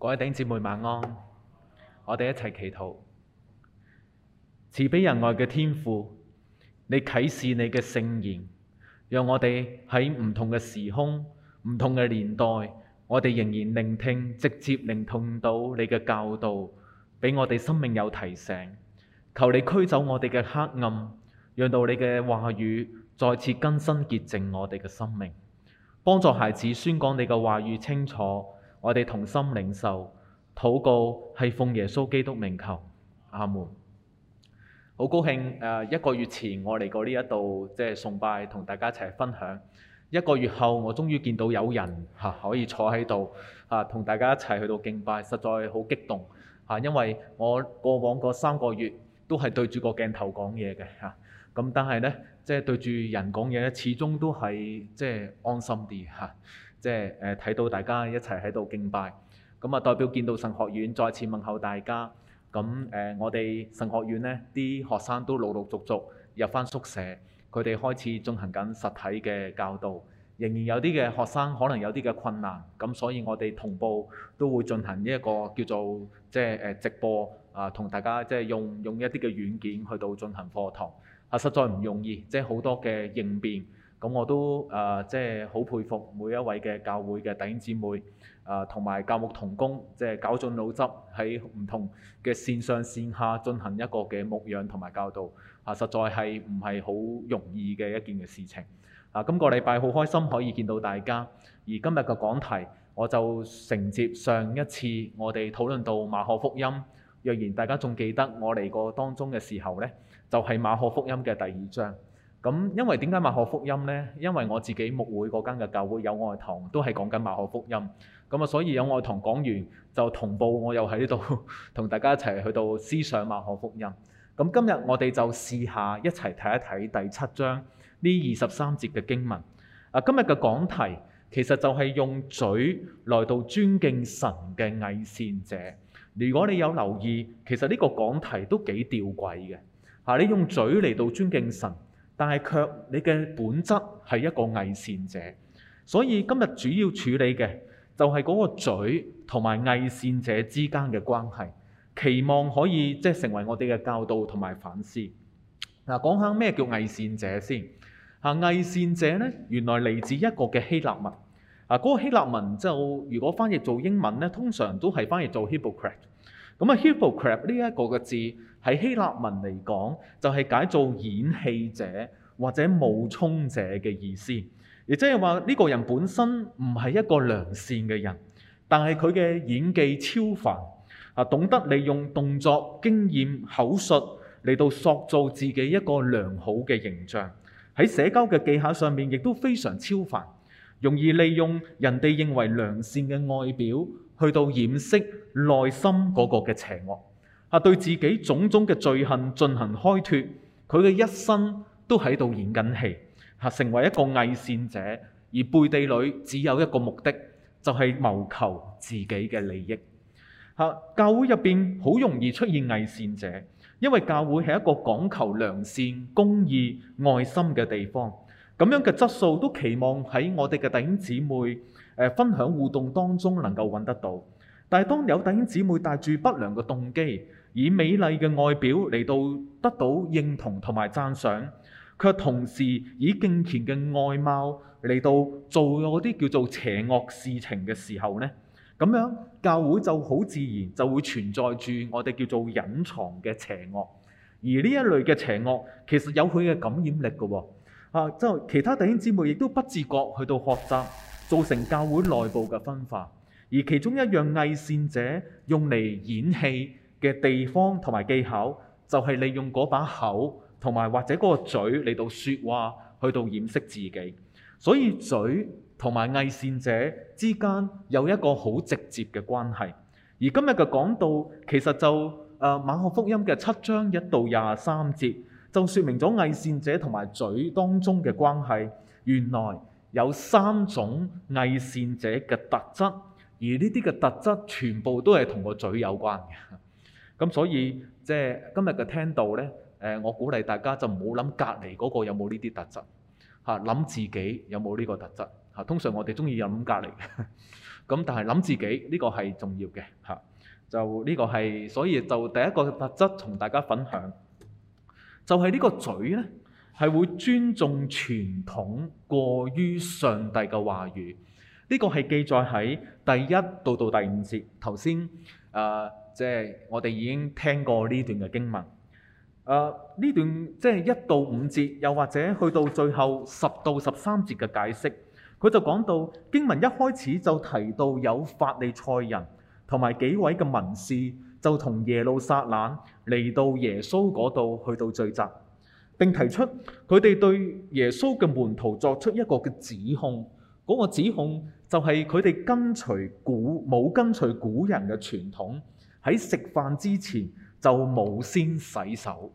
各位弟兄姊妹晚安，我哋一齊祈禱，慈悲仁愛嘅天父，你啟示你嘅聖言，讓我哋喺唔同嘅時空、唔同嘅年代，我哋仍然聆聽、直接聆聽到你嘅教導，畀我哋生命有提醒。求你驅走我哋嘅黑暗，讓到你嘅話語再次更新潔淨我哋嘅生命，幫助孩子宣講你嘅話語清楚。我哋同心領受，禱告係奉耶穌基督名求，阿門。好高興誒！一個月前我嚟過呢一度，即、就、係、是、崇拜同大家一齊分享。一個月後，我終於見到有人嚇、啊、可以坐喺度嚇同大家一齊去到敬拜，實在好激動嚇、啊！因為我過往嗰三個月都係對住個鏡頭講嘢嘅嚇，咁、啊、但係呢，即、就、係、是、對住人講嘢始終都係即係安心啲嚇。啊即係誒睇到大家一齊喺度敬拜，咁啊代表建道神學院再次問候大家。咁誒，我哋神學院呢啲學生都陸陸續續入翻宿舍，佢哋開始進行緊實體嘅教導。仍然有啲嘅學生可能有啲嘅困難，咁所以我哋同步都會進行一個叫做即係誒直播啊，同大家即係用用一啲嘅軟件去到進行課堂啊，實在唔容易，即係好多嘅應變。咁我都誒，即係好佩服每一位嘅教會嘅弟兄姊妹，誒、呃、同埋教牧同工，即係絞盡腦汁喺唔同嘅線上線下進行一個嘅牧養同埋教導，啊，實在係唔係好容易嘅一件嘅事情。啊，今個禮拜好開心可以見到大家，而今日嘅講題，我就承接上一次我哋討論到馬可福音，若然大家仲記得我嚟過當中嘅時候呢，就係、是、馬可福音嘅第二章。咁，因為點解馬可福音呢？因為我自己木會嗰間嘅教會友愛堂都係講緊馬可福音咁啊，所以友愛堂講完就同步，我又喺呢度同大家一齊去到思想馬可福音。咁今日我哋就試下一齊睇一睇第七章呢二十三節嘅經文啊。今日嘅講題其實就係用嘴來到尊敬神嘅偽善者。如果你有留意，其實呢個講題都幾吊詭嘅嚇。你用嘴嚟到尊敬神。但係卻你嘅本質係一個偽善者。所以今日主要處理嘅就係嗰個嘴同埋偽善者之間嘅關係，期望可以即係、就是、成為我哋嘅教導同埋反思。嗱、啊，講下咩叫偽善者先。嚇、啊，偽善者呢，原來嚟自一個嘅希臘文。啊，嗰、那個希臘文就如果翻譯做英文呢，通常都係翻譯做 hypocrite 咁啊 hypocrite 呢一個嘅字喺希臘文嚟講，就係解做演戲者或者冒充者嘅意思，亦即係話呢個人本身唔係一個良善嘅人，但係佢嘅演技超凡，啊，懂得利用動作、經驗、口述嚟到塑造自己一個良好嘅形象，喺社交嘅技巧上面亦都非常超凡，容易利用人哋認為良善嘅外表。去到掩飾內心嗰個嘅邪惡，嚇、啊、對自己種種嘅罪恨進行開脫，佢嘅一生都喺度演緊戲，嚇、啊、成為一個偽善者，而背地裏只有一個目的，就係、是、謀求自己嘅利益。嚇、啊、教會入邊好容易出現偽善者，因為教會係一個講求良善、公義、愛心嘅地方，咁樣嘅質素都期望喺我哋嘅弟兄姊妹。分享互動當中能夠揾得到，但係當有弟兄姊妹帶住不良嘅動機，以美麗嘅外表嚟到得到認同同埋讚賞，卻同時以敬虔嘅外貌嚟到做嗰啲叫做邪惡事情嘅時候呢，咁樣教會就好自然就會存在住我哋叫做隱藏嘅邪惡，而呢一類嘅邪惡其實有佢嘅感染力嘅喎，啊，就其他弟兄姊妹亦都不自覺去到學習。造成教會內部嘅分化，而其中一樣偽善者用嚟演戲嘅地方同埋技巧，就係利用嗰把口同埋或者嗰個嘴嚟到説話，去到掩飾自己。所以嘴同埋偽善者之間有一個好直接嘅關係。而今日嘅講道，其實就誒馬可福音嘅七章一到廿三節，就説明咗偽善者同埋嘴當中嘅關係。原來。有三種偽善者嘅特質，而呢啲嘅特質全部都係同個嘴有關嘅。咁所以即係今日嘅聽道呢，誒我鼓勵大家就唔好諗隔離嗰個有冇呢啲特質，嚇諗自己有冇呢個特質。嚇通常我哋中意諗隔離，咁但係諗自己呢個係重要嘅。嚇就呢個係所以就第一個特質同大家分享，就係呢個嘴呢，係會尊重傳統過於上帝嘅話語，呢、這個係記載喺第一到到第五節。頭先誒，即、呃、係、就是、我哋已經聽過呢段嘅經文。誒、呃，呢段即係、就是、一到五節，又或者去到最後十到十三節嘅解釋，佢就講到經文一開始就提到有法利賽人同埋幾位嘅文士就同耶路撒冷嚟到耶穌嗰度去到聚集。並提出佢哋對耶穌嘅門徒作出一個嘅指控，嗰、那個指控就係佢哋跟隨古冇跟隨古人嘅傳統，喺食飯之前就冇先洗手。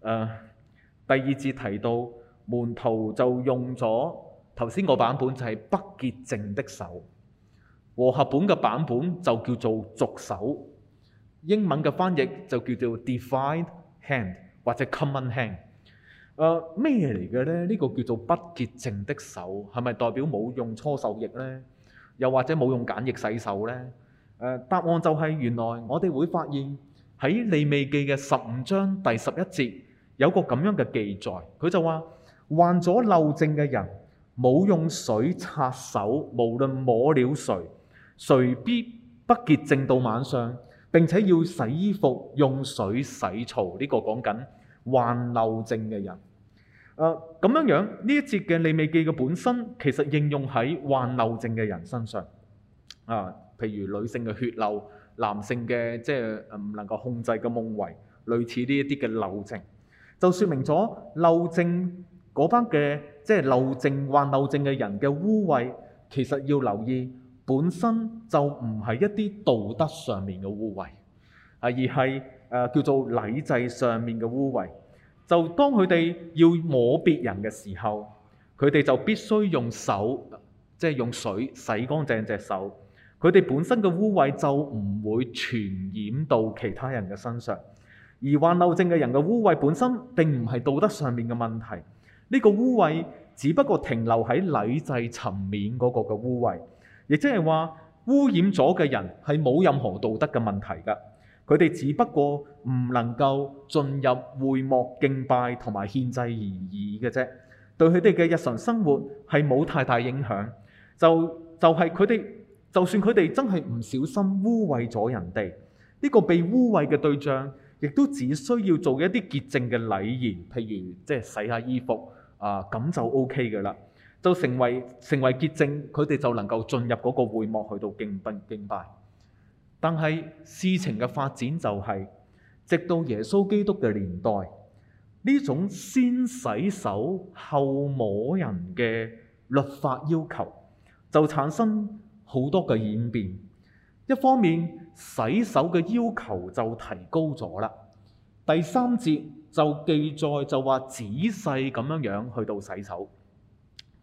誒、uh，第二節提到門徒就用咗頭先個版本就係、是、不潔淨的手，和合本嘅版本就叫做俗手，英文嘅翻譯就叫做 defiled hand。或者 common hand，誒咩嚟嘅咧？呢、這個叫做不潔淨的手，係咪代表冇用搓手液咧？又或者冇用簡易洗手咧？誒、呃、答案就係原來我哋會發現，喺利未記嘅十五章第十一節有一個咁樣嘅記載，佢就話患咗漏症嘅人冇用水擦手，無論摸了誰，誰必不潔淨到晚上。並且要洗衣服用水洗澡，呢個講緊患漏症嘅人。誒咁樣樣呢一節嘅利未記嘅本身，其實應用喺患漏症嘅人身上。啊，譬如女性嘅血漏，男性嘅即係唔能夠控制嘅夢遺，類似呢一啲嘅漏症，就説明咗漏症嗰班嘅即係漏症，患漏症嘅人嘅污穢，其實要留意，本身就唔係一啲道德上面嘅污穢，啊，而係誒、呃、叫做禮制上面嘅污穢。就當佢哋要摸別人嘅時候，佢哋就必須用手，即係用水洗乾淨隻手。佢哋本身嘅污穢就唔會傳染到其他人嘅身上。而患漏症嘅人嘅污穢本身並唔係道德上面嘅問題，呢、這個污穢只不過停留喺禮制層面嗰個嘅污穢。亦即係話，污染咗嘅人係冇任何道德嘅問題噶，佢哋只不過唔能夠進入會幕敬拜同埋獻祭而已嘅啫。對佢哋嘅日常生活係冇太大影響。就就係佢哋，就算佢哋真係唔小心污穢咗人哋，呢個被污穢嘅對象，亦都只需要做一啲潔淨嘅禮儀，譬如即係洗下衣服啊，咁就 OK 嘅啦。就成為成為潔淨，佢哋就能夠進入嗰個會幕去到敬拜敬拜。但係事情嘅發展就係，直到耶穌基督嘅年代，呢種先洗手後摸人嘅律法要求就產生好多嘅演變。一方面洗手嘅要求就提高咗啦。第三節就記載就話仔細咁樣樣去到洗手。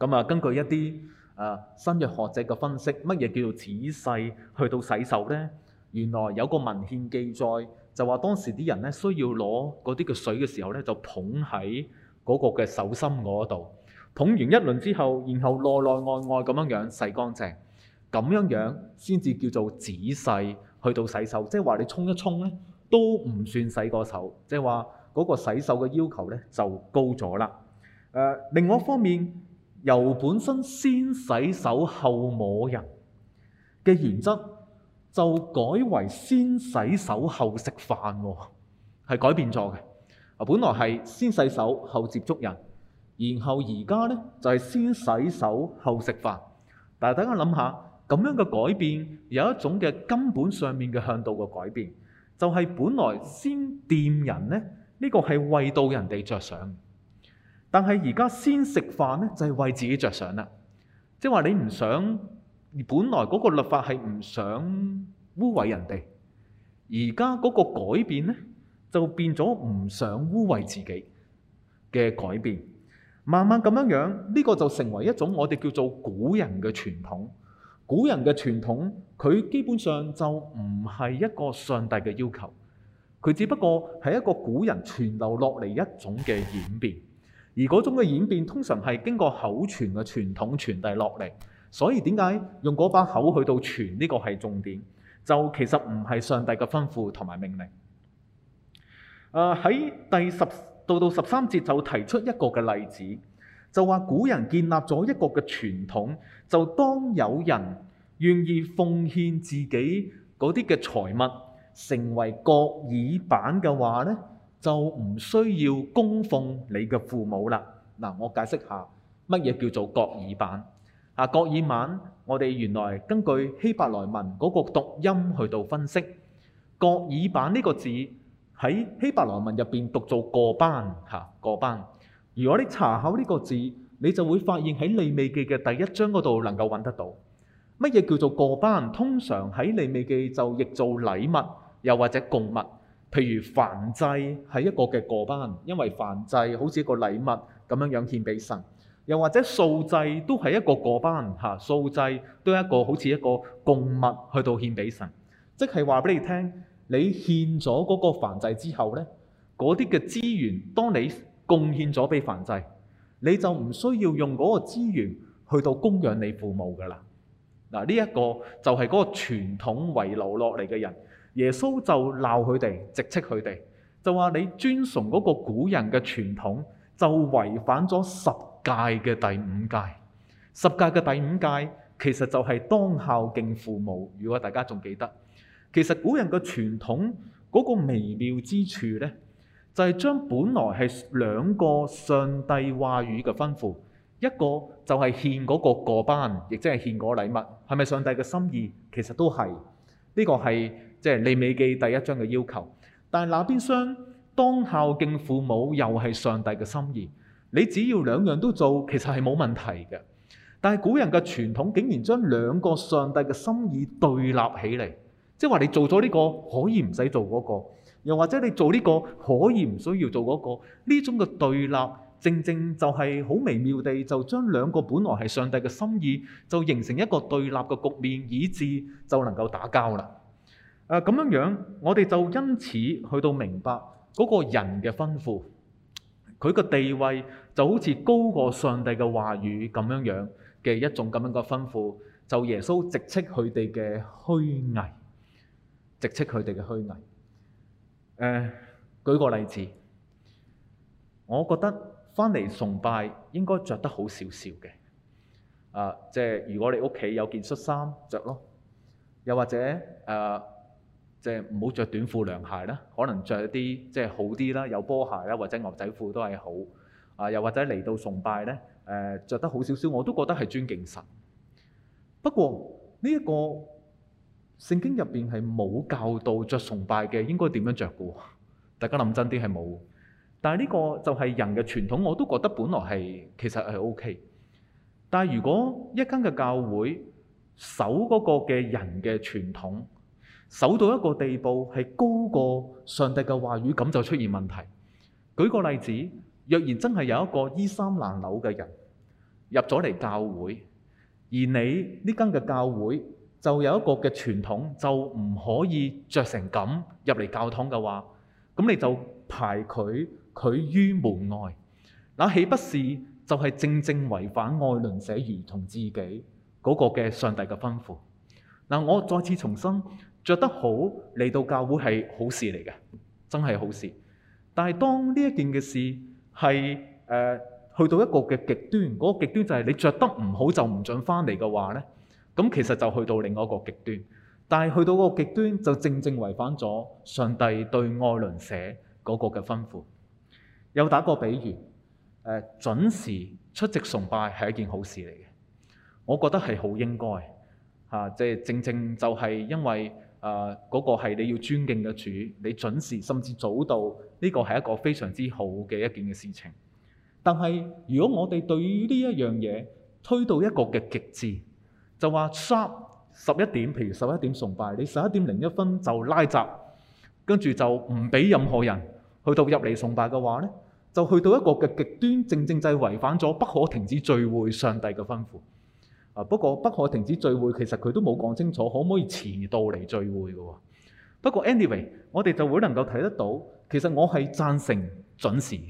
咁啊，根據一啲誒新約學者嘅分析，乜嘢叫做仔細去到洗手咧？原來有個文獻記載，就話當時啲人咧需要攞嗰啲嘅水嘅時候咧，就捧喺嗰個嘅手心嗰度，捧完一輪之後，然後內內外外咁樣樣洗乾淨，咁樣樣先至叫做仔細去到洗手。即係話你沖一沖咧，都唔算洗過手。即係話嗰個洗手嘅要求咧就高咗啦。誒，另外一方面。由本身先洗手後摸人嘅原則，就改為先洗手後食飯，啊，係改變咗嘅。本來係先洗手後接觸人，然後而家呢，就係、是、先洗手後食飯。但係大家諗下，咁樣嘅改變有一種嘅根本上面嘅向度嘅改變，就係、是、本來先掂人呢，呢、呢個係為到人哋着想。但係而家先食飯咧，就係、是、為自己着想啦。即係話你唔想，而本來嗰個律法係唔想污穢人哋。而家嗰個改變咧，就變咗唔想污穢自己嘅改變。慢慢咁樣樣，呢、這個就成為一種我哋叫做古人嘅傳統。古人嘅傳統，佢基本上就唔係一個上帝嘅要求，佢只不過係一個古人傳流落嚟一種嘅演變。而嗰種嘅演變通常係經過口傳嘅傳統傳遞落嚟，所以點解用嗰把口去到傳呢個係重點？就其實唔係上帝嘅吩咐同埋命令。喺、呃、第十到到十三節就提出一個嘅例子，就話古人建立咗一個嘅傳統，就當有人願意奉獻自己嗰啲嘅財物，成為各耳板嘅話呢。就唔需要供奉你嘅父母啦。嗱，我解釋下乜嘢叫做國爾版啊？國爾版，我哋原來根據希伯來文嗰個讀音去到分析，國爾版呢個字喺希伯來文入邊讀做個班嚇，啊、個班。如果你查考呢個字，你就會發現喺利未記嘅第一章嗰度能夠揾得到。乜嘢叫做個班？通常喺利未記就譯做禮物，又或者供物。譬如燔祭係一個嘅過班，因為燔祭好似一個禮物咁樣樣獻俾神，又或者素祭都係一個過班，嚇，素祭都係一個好似一個供物去到獻俾神。即係話俾你聽，你獻咗嗰個燔祭之後呢，嗰啲嘅資源當你貢獻咗俾燔祭，你就唔需要用嗰個資源去到供養你父母噶啦。嗱，呢一個就係嗰個傳統遺留落嚟嘅人。耶穌就鬧佢哋，直斥佢哋，就話你尊崇嗰個古人嘅傳統，就違反咗十戒嘅第五戒。十戒嘅第五戒其實就係當孝敬父母。如果大家仲記得，其實古人嘅傳統嗰、那個微妙之處呢，就係、是、將本來係兩個上帝話語嘅吩咐，一個就係獻嗰個各班，亦即係獻嗰個禮物，係咪上帝嘅心意？其實都係呢、這個係。即係利未記第一章嘅要求，但係那邊廂，當孝敬父母又係上帝嘅心意。你只要兩樣都做，其實係冇問題嘅。但係古人嘅傳統竟然將兩個上帝嘅心意對立起嚟，即係話你做咗呢個可以唔使做嗰個，又或者你做呢個可以唔需要做嗰個。呢種嘅對立，正正就係好微妙地就將兩個本來係上帝嘅心意，就形成一個對立嘅局面，以致就能夠打交啦。誒咁樣樣，我哋就因此去到明白嗰個人嘅吩咐，佢個地位就好似高過上帝嘅話語咁樣樣嘅一種咁樣嘅吩咐，就耶穌直斥佢哋嘅虛偽，直斥佢哋嘅虛偽。誒、呃，舉個例子，我覺得返嚟崇拜應該着得好少少嘅，啊、呃，即係如果你屋企有件恤衫着咯，又或者誒。呃即係唔好着短褲涼鞋啦，可能著啲即係好啲啦，有波鞋啦，或者牛仔褲都係好啊。又或者嚟到崇拜咧，誒、呃、著得好少少，我都覺得係尊敬神。不過呢一、這個聖經入邊係冇教導着着崇拜嘅，應該點樣着嘅喎？大家諗真啲係冇。但係呢個就係人嘅傳統，我都覺得本來係其實係 OK。但係如果一間嘅教會守嗰個嘅人嘅傳統，守到一個地步係高過上帝嘅話語，咁就出現問題。舉個例子，若然真係有一個衣衫襤褸嘅人入咗嚟教會，而你呢間嘅教會就有一個嘅傳統，就唔可以着成咁入嚟教堂嘅話，咁你就排佢佢於門外。那豈不是就係正正違反愛鄰舍如同自己嗰、那個嘅上帝嘅吩咐？嗱，我再次重申。着得好，嚟到教會係好事嚟嘅，真係好事。但係當呢一件嘅事係誒、呃、去到一個嘅極端，嗰個極端就係你着得唔好就唔准翻嚟嘅話咧，咁其實就去到另外一個極端。但係去到個極端就正正違反咗上帝對愛鄰舍嗰個嘅吩咐。又打個比喻、呃，準時出席崇拜係一件好事嚟嘅，我覺得係好應該吓，即、啊、係正正就係因為。誒嗰個係你要尊敬嘅主，你準時甚至早到，呢個係一個非常之好嘅一件嘅事情。但係如果我哋對呢一樣嘢推到一個嘅極致，就話十一點，譬如十一點崇拜，你十一點零一分就拉閘，跟住就唔俾任何人去到入嚟崇拜嘅話呢，就去到一個嘅極端，正正就係違反咗不可停止聚會上帝嘅吩咐。啊！不過不可停止聚會，其實佢都冇講清楚可唔可以遲到嚟聚會㗎喎。不過 Anyway，我哋就會能夠睇得到，其實我係贊成準時。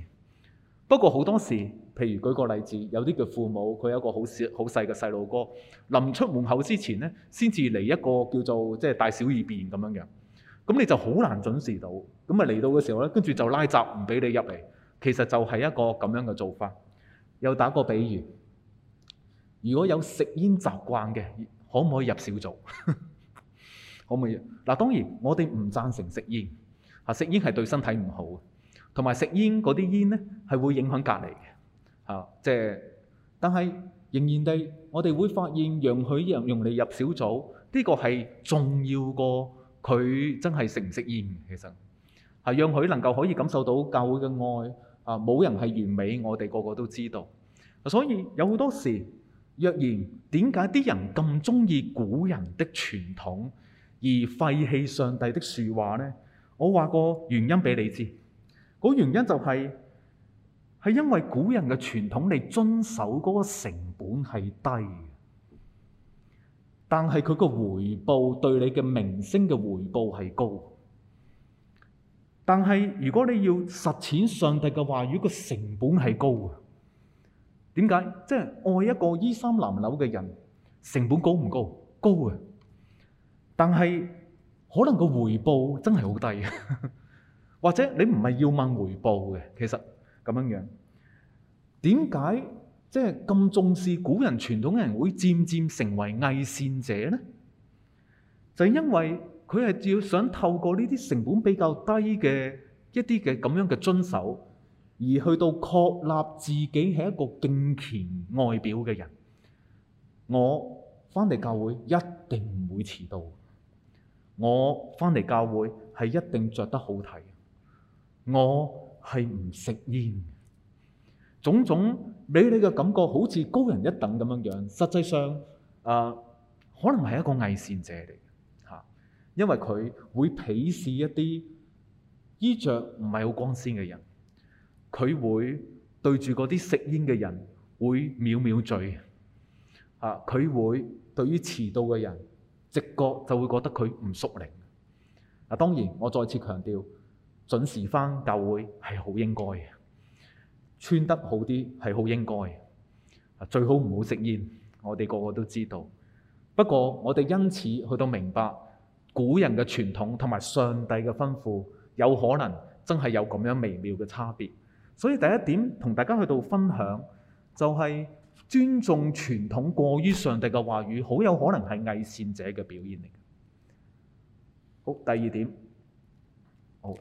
不過好多時，譬如舉個例子，有啲嘅父母佢有個好小好細嘅細路哥，臨出門口之前呢，先至嚟一個叫做即係大小二便咁樣樣。咁你就好難準時到。咁啊嚟到嘅時候呢，跟住就拉閘唔俾你入嚟。其實就係一個咁樣嘅做法。又打個比喻。如果有食煙習慣嘅，可唔可以入小組？可唔可以？嗱，當然我哋唔贊成食煙，嚇食煙係對身體唔好，同埋食煙嗰啲煙呢係會影響隔離嘅，嚇。即係，但係仍然地，我哋會發現讓佢用用嚟入小組，呢個係重要過佢真係食唔食煙。其實係讓佢能夠可以感受到教會嘅愛。嚇，冇人係完美，我哋個個都知道。所以有好多時。若然點解啲人咁鍾意古人的傳統而廢棄上帝的説話呢？我話過原因俾你知，嗰原因就係、係、係因為古人嘅傳統你遵守嗰個成本係低，但係佢個回報對你嘅名聲嘅回報係高。但係如果你要實踐上帝嘅話語，如果個成本係高。點解？即係愛一個衣衫襤褸嘅人，成本高唔高？高啊！但係可能個回報真係好低啊！ 或者你唔係要問回報嘅，其實咁樣樣。點解即係咁重視古人傳統嘅人會漸漸成為偽善者咧？就係、因為佢係要想透過呢啲成本比較低嘅一啲嘅咁樣嘅遵守。而去到確立自己係一個敬虔外表嘅人，我翻嚟教會一定唔會遲到。我翻嚟教會係一定着得好睇。我係唔食煙嘅，種種俾你嘅感覺好似高人一等咁樣樣。實際上，誒、呃、可能係一個偽善者嚟嘅、啊、因為佢會鄙視一啲衣着唔係好光鮮嘅人。佢會對住嗰啲食煙嘅人會藐藐嘴，佢、啊、會對於遲到嘅人直覺就會覺得佢唔屬靈。嗱、啊，當然我再次強調，準時返教會係好應該嘅，穿得好啲係好應該嘅、啊，最好唔好食煙。我哋個個都知道。不過我哋因此去到明白古人嘅傳統同埋上帝嘅吩咐，有可能真係有咁樣微妙嘅差別。所以第一點同大家去到分享，就係、是、尊重傳統過於上帝嘅話語，好有可能係偽善者嘅表現嚟。好，第二點，好，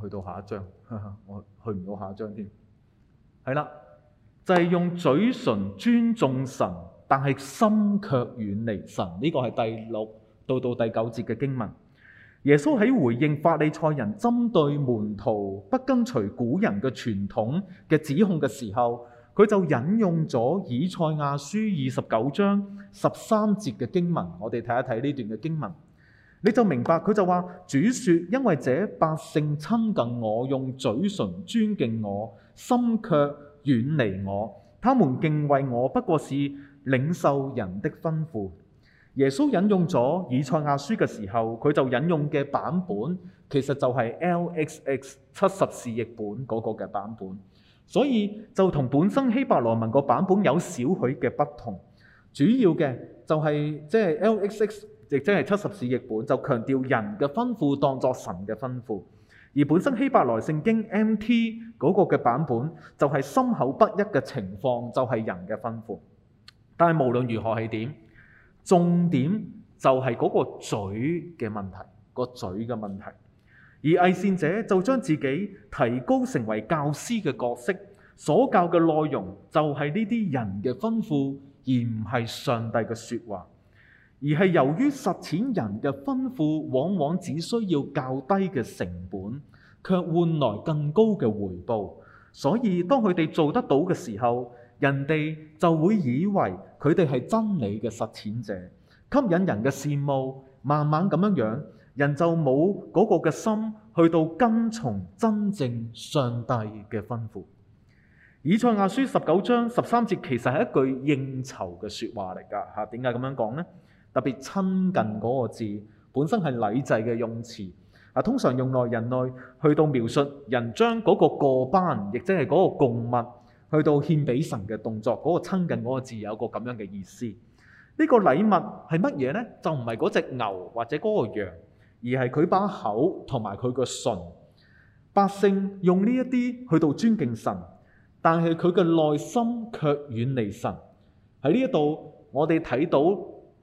去到下一章，哈哈我去唔到下一章添。係啦，就係、是、用嘴唇尊重神，但係心卻遠離神。呢、這個係第六到到第九節嘅經文。耶穌喺回應法利賽人針對門徒不跟隨古人嘅傳統嘅指控嘅時候，佢就引用咗以賽亞書二十九章十三節嘅經文。我哋睇一睇呢段嘅經文，你就明白佢就話：主說，因為這百姓親近我，用嘴唇尊敬我，心卻遠離我，他們敬畏我，不過是領受人的吩咐。耶穌引用咗以賽亞書嘅時候，佢就引用嘅版本其實就係 LXX 七十士譯本嗰個嘅版本，所以就同本身希伯來文個版本有少許嘅不同。主要嘅就係即係 LXX，亦即係七十士譯本就強調人嘅吩咐當作神嘅吩咐，而本身希伯來聖經 MT 嗰個嘅版本就係心口不一嘅情況，就係人嘅吩咐。但係無論如何係點？重點就係嗰個嘴嘅問題，個嘴嘅問題。而偽善者就將自己提高成為教師嘅角色，所教嘅內容就係呢啲人嘅吩咐，而唔係上帝嘅説話。而係由於實踐人嘅吩咐往往只需要較低嘅成本，卻換來更高嘅回報，所以當佢哋做得到嘅時候，人哋就會以為。佢哋係真理嘅實踐者，吸引人嘅羨慕，慢慢咁樣樣，人就冇嗰個嘅心去到跟從真正上帝嘅吩咐。以賽亞書十九章十三節其實係一句應酬嘅說話嚟噶吓，點解咁樣講呢？特別親近嗰個字本身係禮制嘅用詞，啊，通常用來人類去到描述人將嗰個各耳板，亦即係嗰個供物。去到獻俾神嘅動作，嗰、那個親近嗰個字有個咁樣嘅意思。呢、這個禮物係乜嘢呢？就唔係嗰隻牛或者嗰個羊，而係佢把口同埋佢個唇。百姓用呢一啲去到尊敬神，但係佢嘅內心卻遠離神。喺呢一度，我哋睇到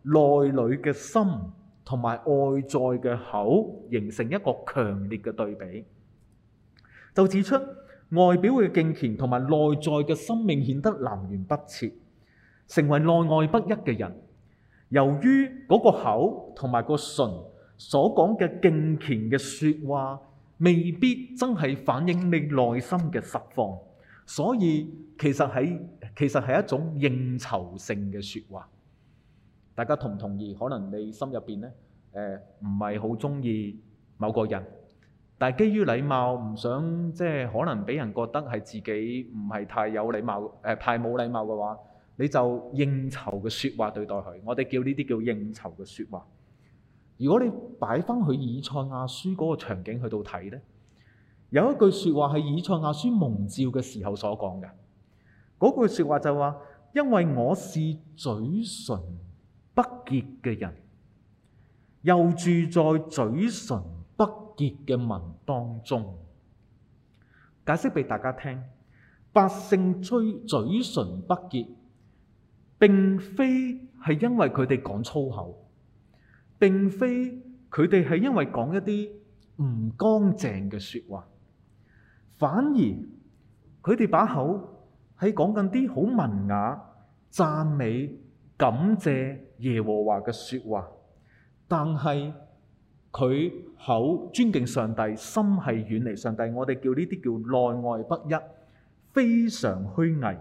內裏嘅心同埋外在嘅口形成一個強烈嘅對比，就指出。外表嘅敬虔同埋內在嘅生命顯得南轅北轍，成為內外不一嘅人。由於嗰個口同埋個唇所講嘅敬虔嘅説話，未必真係反映你內心嘅實況，所以其實係其實係一種應酬性嘅説話。大家同唔同意？可能你心入邊呢，誒唔係好中意某個人。但係，基於禮貌，唔想即係可能俾人覺得係自己唔係太有禮貌，誒太冇禮貌嘅話，你就應酬嘅説話對待佢。我哋叫呢啲叫應酬嘅説話。如果你擺翻去以賽亞書嗰個場景去到睇呢，有一句説話係以賽亞書蒙召嘅時候所講嘅。嗰句説話就話：因為我是嘴唇不潔嘅人，又住在嘴唇。嘅文當中，解釋俾大家聽，百姓吹嘴唇不潔，並非係因為佢哋講粗口，並非佢哋係因為講一啲唔乾淨嘅説話，反而佢哋把口喺講緊啲好文雅、讚美、感謝耶和華嘅説話，但係。佢口尊敬上帝，心係遠離上帝。我哋叫呢啲叫內外不一，非常虛偽。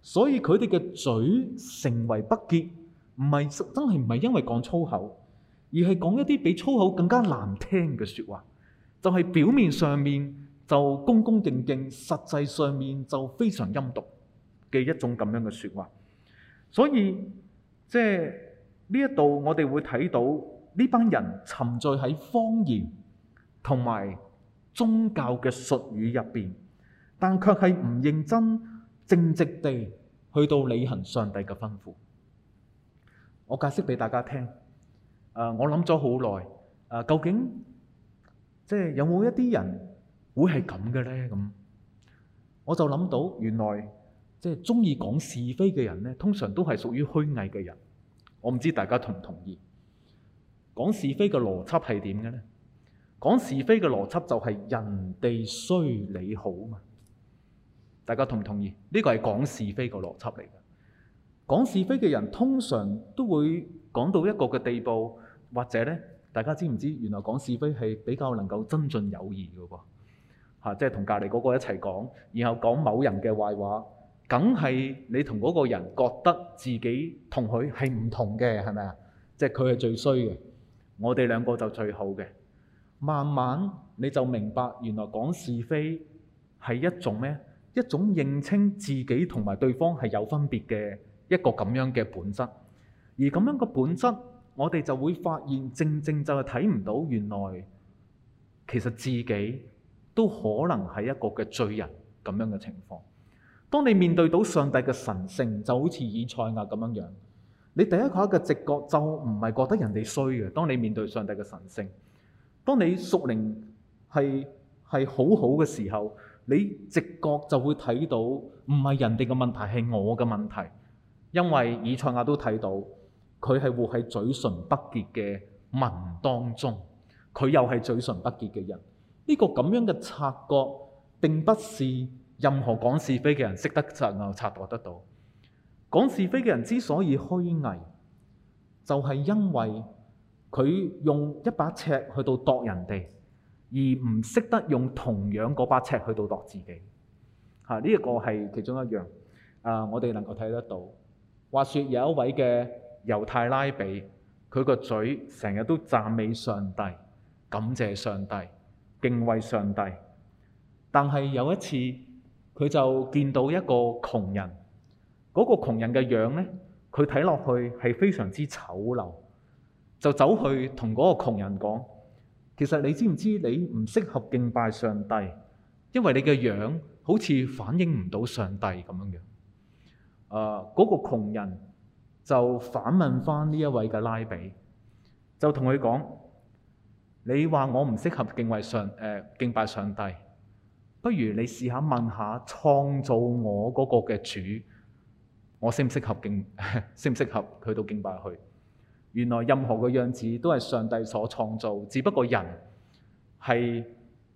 所以佢哋嘅嘴成為不潔，唔係真係唔係因為講粗口，而係講一啲比粗口更加難聽嘅説話，就係表面上面就恭恭敬敬，實際上面就非常陰毒嘅一種咁樣嘅説話。所以即係呢一度，我哋會睇到。呢班人沉醉喺方言同埋宗教嘅術語入邊，但卻係唔認真正直地去到履行上帝嘅吩咐。我解釋俾大家聽。我諗咗好耐。究竟即係有冇一啲人會係咁嘅呢？咁我就諗到，原來即係鍾意講是非嘅人呢，通常都係屬於虛偽嘅人。我唔知大家同唔同意？講是非嘅邏輯係點嘅呢？講是非嘅邏輯就係人哋衰你好嘛？大家同唔同意？呢個係講是非嘅邏輯嚟嘅。講是非嘅人通常都會講到一個嘅地步，或者呢，大家知唔知？原來講是非係比較能夠增進友誼嘅喎？嚇，即係同隔離嗰個一齊講，然後講某人嘅壞話，梗係你同嗰個人覺得自己同佢係唔同嘅，係咪啊？即係佢係最衰嘅。我哋兩個就最好嘅，慢慢你就明白，原來講是非係一種咩？一種認清自己同埋對方係有分別嘅一個咁樣嘅本質。而咁樣嘅本質，我哋就會發現，正正就係睇唔到原來其實自己都可能係一個嘅罪人咁樣嘅情況。當你面對到上帝嘅神聖，就好似以賽亞咁樣樣。你第一個嘅直覺就唔係覺得人哋衰嘅。當你面對上帝嘅神聖，當你屬靈係係好好嘅時候，你直覺就會睇到唔係人哋嘅問題，係我嘅問題。因為以賽亞都睇到佢係活喺嘴唇不潔嘅民當中，佢又係嘴唇不潔嘅人。呢個咁樣嘅察覺並不是任何講是非嘅人識得察覺得到。講是非嘅人之所以虛偽，就係因為佢用一把尺去到度人哋，而唔識得用同樣嗰把尺去到度度自己。嚇，呢一個係其中一樣。啊，我哋能夠睇得到。話説有一位嘅猶太拉比，佢個嘴成日都讚美上帝、感謝上帝、敬畏上帝，但係有一次佢就見到一個窮人。嗰個窮人嘅樣呢，佢睇落去係非常之醜陋，就走去同嗰個窮人講，其實你知唔知你唔適合敬拜上帝，因為你嘅樣好似反映唔到上帝咁樣樣。誒、呃，嗰、那個窮人就反問翻呢一位嘅拉比，就同佢講，你話我唔適合敬畏上誒、呃、敬拜上帝，不如你試下問下創造我嗰個嘅主。我適唔適合敬，適唔適合去到敬拜去？原來任何嘅樣子都係上帝所創造，只不過人係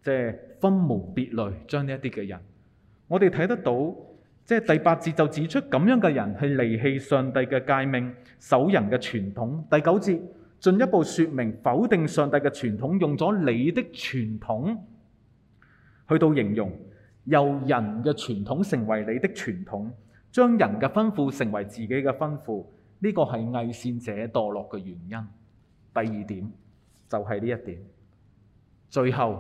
即係分門別類，將呢一啲嘅人，我哋睇得到。即係第八節就指出咁樣嘅人係離棄上帝嘅誡命、守人嘅傳統。第九節進一步説明否定上帝嘅傳統，用咗你的傳統去到形容，由人嘅傳統成為你的傳統。將人嘅吩咐成為自己嘅吩咐，呢個係偽善者墮落嘅原因。第二點就係呢一點。最後，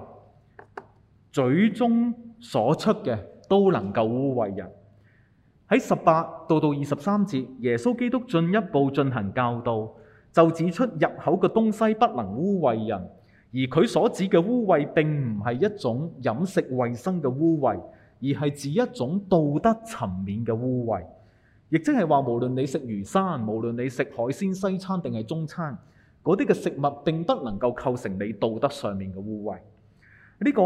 嘴中所出嘅都能夠污穢人。喺十八到到二十三節，耶穌基督進一步進行教導，就指出入口嘅東西不能污穢人，而佢所指嘅污穢，並唔係一種飲食衛生嘅污穢。而係指一種道德層面嘅污穢，亦即係話無論你食魚生，無論你食海鮮、西餐定係中餐，嗰啲嘅食物並不能夠構成你道德上面嘅污穢。呢、這個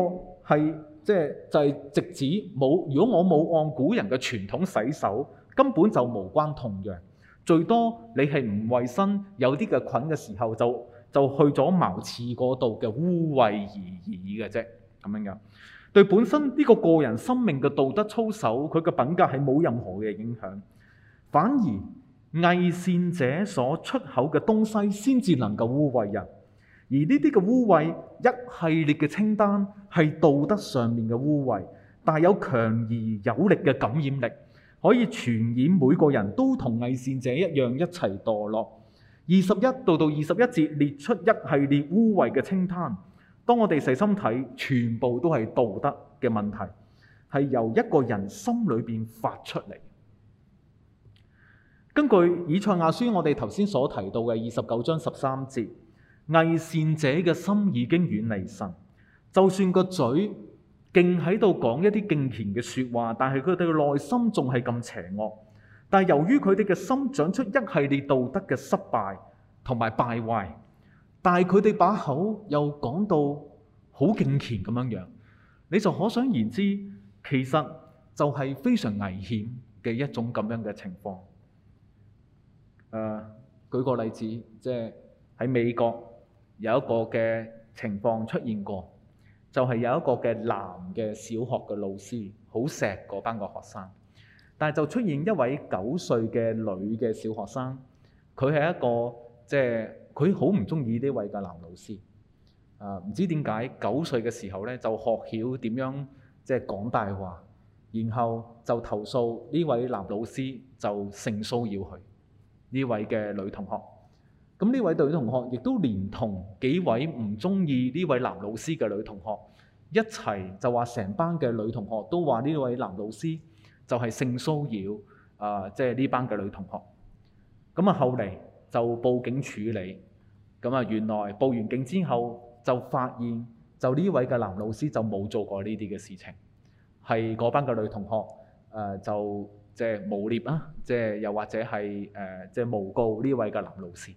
係即係就係、是就是、直指冇，如果我冇按古人嘅傳統洗手，根本就無關痛癢。最多你係唔衞生，有啲嘅菌嘅時候就就去咗茅廁嗰度嘅污穢而，而已嘅啫，咁樣樣。對本身呢個個人生命嘅道德操守，佢嘅品格係冇任何嘅影響，反而偽善者所出口嘅東西，先至能夠污穢人。而呢啲嘅污穢，一系列嘅清單係道德上面嘅污穢，但有強而有力嘅感染力，可以傳染每個人都同偽善者一樣一齊墮落。二十一度到二十一節列出一系列污穢嘅清單。當我哋細心睇，全部都係道德嘅問題，係由一個人心裏邊發出嚟。根據以賽亞書，我哋頭先所提到嘅二十九章十三節，偽善者嘅心已經遠離神。就算個嘴勁喺度講一啲敬虔嘅説話，但係佢哋嘅內心仲係咁邪惡。但係由於佢哋嘅心長出一系列道德嘅失敗同埋敗壞。但係佢哋把口又講到好敬虔咁樣樣，你就可想而知，其實就係非常危險嘅一種咁樣嘅情況。誒、呃，舉個例子，即係喺美國有一個嘅情況出現過，就係、是、有一個嘅男嘅小學嘅老師好錫嗰班個學生，但係就出現一位九歲嘅女嘅小學生，佢係一個即係。佢好唔中意呢位嘅男老師，啊，唔知點解九歲嘅時候咧就學曉點樣即係講大話，然後就投訴呢位男老師就性騷擾佢呢位嘅女同學。咁呢位女同學亦都連同幾位唔中意呢位男老師嘅女同學一齊就話，成班嘅女同學都話呢位男老師就係性騷擾啊！即係呢班嘅女同學。咁啊後嚟。就報警處理，咁啊，原來報完警之後就發現，就呢位嘅男老師就冇做過呢啲嘅事情，係嗰班嘅女同學誒、呃、就即係污蔑啊，即係又或者係誒即係誣告呢位嘅男老師。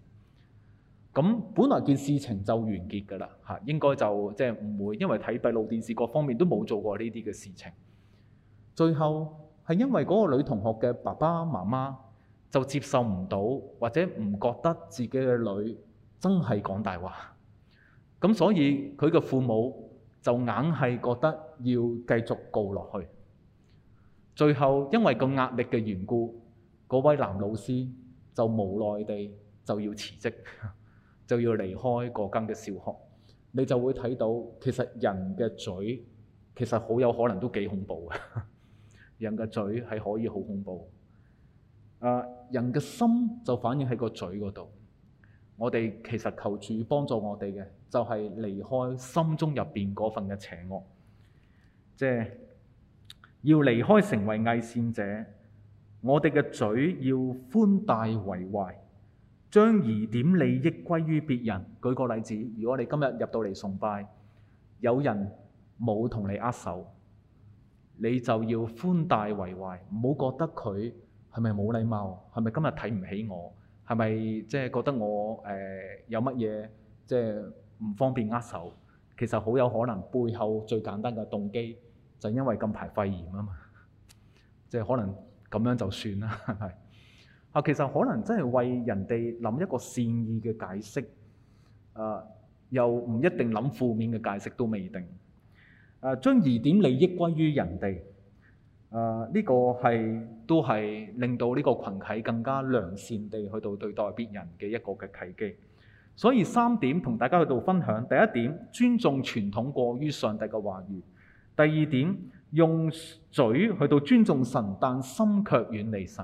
咁本來件事情就完結㗎啦，吓應該就即係唔會，因為睇閉路電視各方面都冇做過呢啲嘅事情。最後係因為嗰個女同學嘅爸爸媽媽，就接受唔到，或者唔覺得自己嘅女真係講大話，咁所以佢嘅父母就硬係覺得要繼續告落去。最後因為個壓力嘅緣故，嗰位男老師就無奈地就要辭職，就要離開嗰間嘅小學。你就會睇到，其實人嘅嘴其實好有可能都幾恐怖嘅，人嘅嘴係可以好恐怖。Uh, 人嘅心就反映喺個嘴嗰度。我哋其實求助幫助我哋嘅，就係離開心中入邊嗰份嘅邪惡，即係要離開成為偽善者。我哋嘅嘴要寬大為懷，將疑點利益歸於別人。舉個例子，如果你今日入到嚟崇拜，有人冇同你握手，你就要寬大為懷，唔好覺得佢。係咪冇禮貌？係咪今日睇唔起我？係咪即係覺得我誒有乜嘢即係唔方便握手？其實好有可能背後最簡單嘅動機就因為近排肺炎啊嘛，即係可能咁樣就算啦，係啊，其實可能真係為人哋諗一個善意嘅解釋，誒，又唔一定諗負面嘅解釋都未定，誒，將疑點利益歸於人哋。誒呢、呃這個係都係令到呢個群體更加良善地去到對待別人嘅一個嘅契機，所以三點同大家去到分享。第一點，尊重傳統過於上帝嘅話語；第二點，用嘴去到尊重神，但心卻遠離神；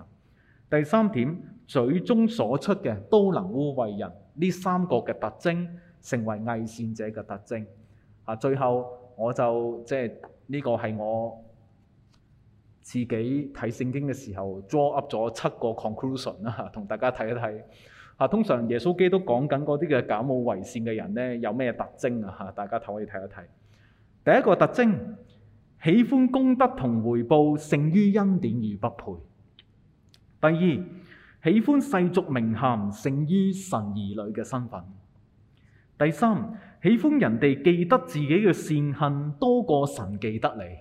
第三點，嘴中所出嘅都能污穢人。呢三個嘅特徵成為偽善者嘅特徵。啊，最後我就即係呢、這個係我自己睇聖經嘅時候，draw up 咗七個 conclusion 啦，同大家睇一睇。啊，通常耶穌基督講緊嗰啲嘅假冒為善嘅人咧，有咩特徵啊？嚇，大家睇可以睇一睇。第一個特徵，喜歡功德同回報勝於恩典而不配。第二，喜歡世俗名銜勝於神兒女嘅身份。第三，喜歡人哋記得自己嘅善行多過神記得你。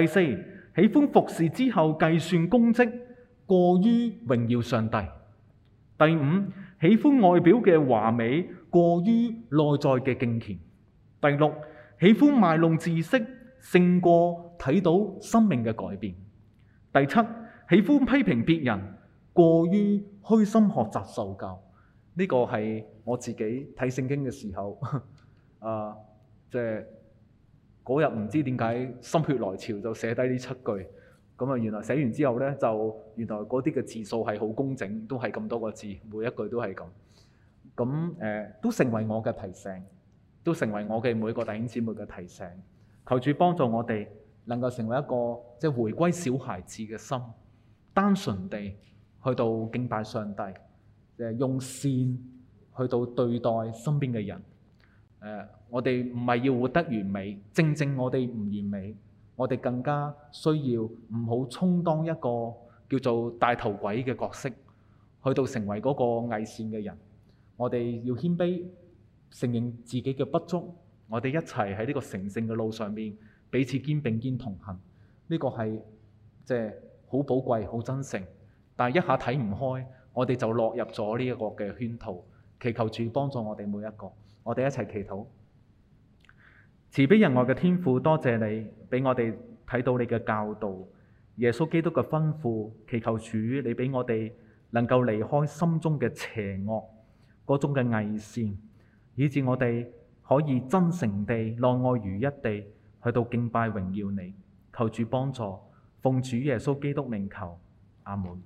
第四。喜歡服侍之後計算功績，過於榮耀上帝。第五，喜歡外表嘅華美，過於內在嘅敬虔。第六，喜歡賣弄知識勝過睇到生命嘅改變。第七，喜歡批評別人，過於虛心學習受教。呢個係我自己睇聖經嘅時候， 啊，即係。嗰日唔知點解心血來潮就寫低呢七句，咁啊原來寫完之後呢，就原來嗰啲嘅字數係好工整，都係咁多個字，每一句都係咁，咁誒、呃、都成為我嘅提醒，都成為我嘅每個弟兄姊妹嘅提醒，求主幫助我哋能夠成為一個即係回歸小孩子嘅心，單純地去到敬拜上帝，誒用善去到對待身邊嘅人。我哋唔係要活得完美，正正我哋唔完美，我哋更加需要唔好充當一個叫做大頭鬼嘅角色，去到成為嗰個偽善嘅人。我哋要謙卑，承認自己嘅不足。我哋一齊喺呢個成聖嘅路上面，彼此肩並肩同行。呢個係即係好寶貴、好真誠。但係一下睇唔開，我哋就落入咗呢一個嘅圈套。祈求主幫助我哋每一個。我哋一齊祈禱，慈悲仁愛嘅天父，多謝你畀我哋睇到你嘅教導，耶穌基督嘅吩咐。祈求主，你畀我哋能夠離開心中嘅邪惡，嗰種嘅偽善，以致我哋可以真誠地，l o 愛如一地，去到敬拜榮耀你。求主幫助，奉主耶穌基督名求，阿門。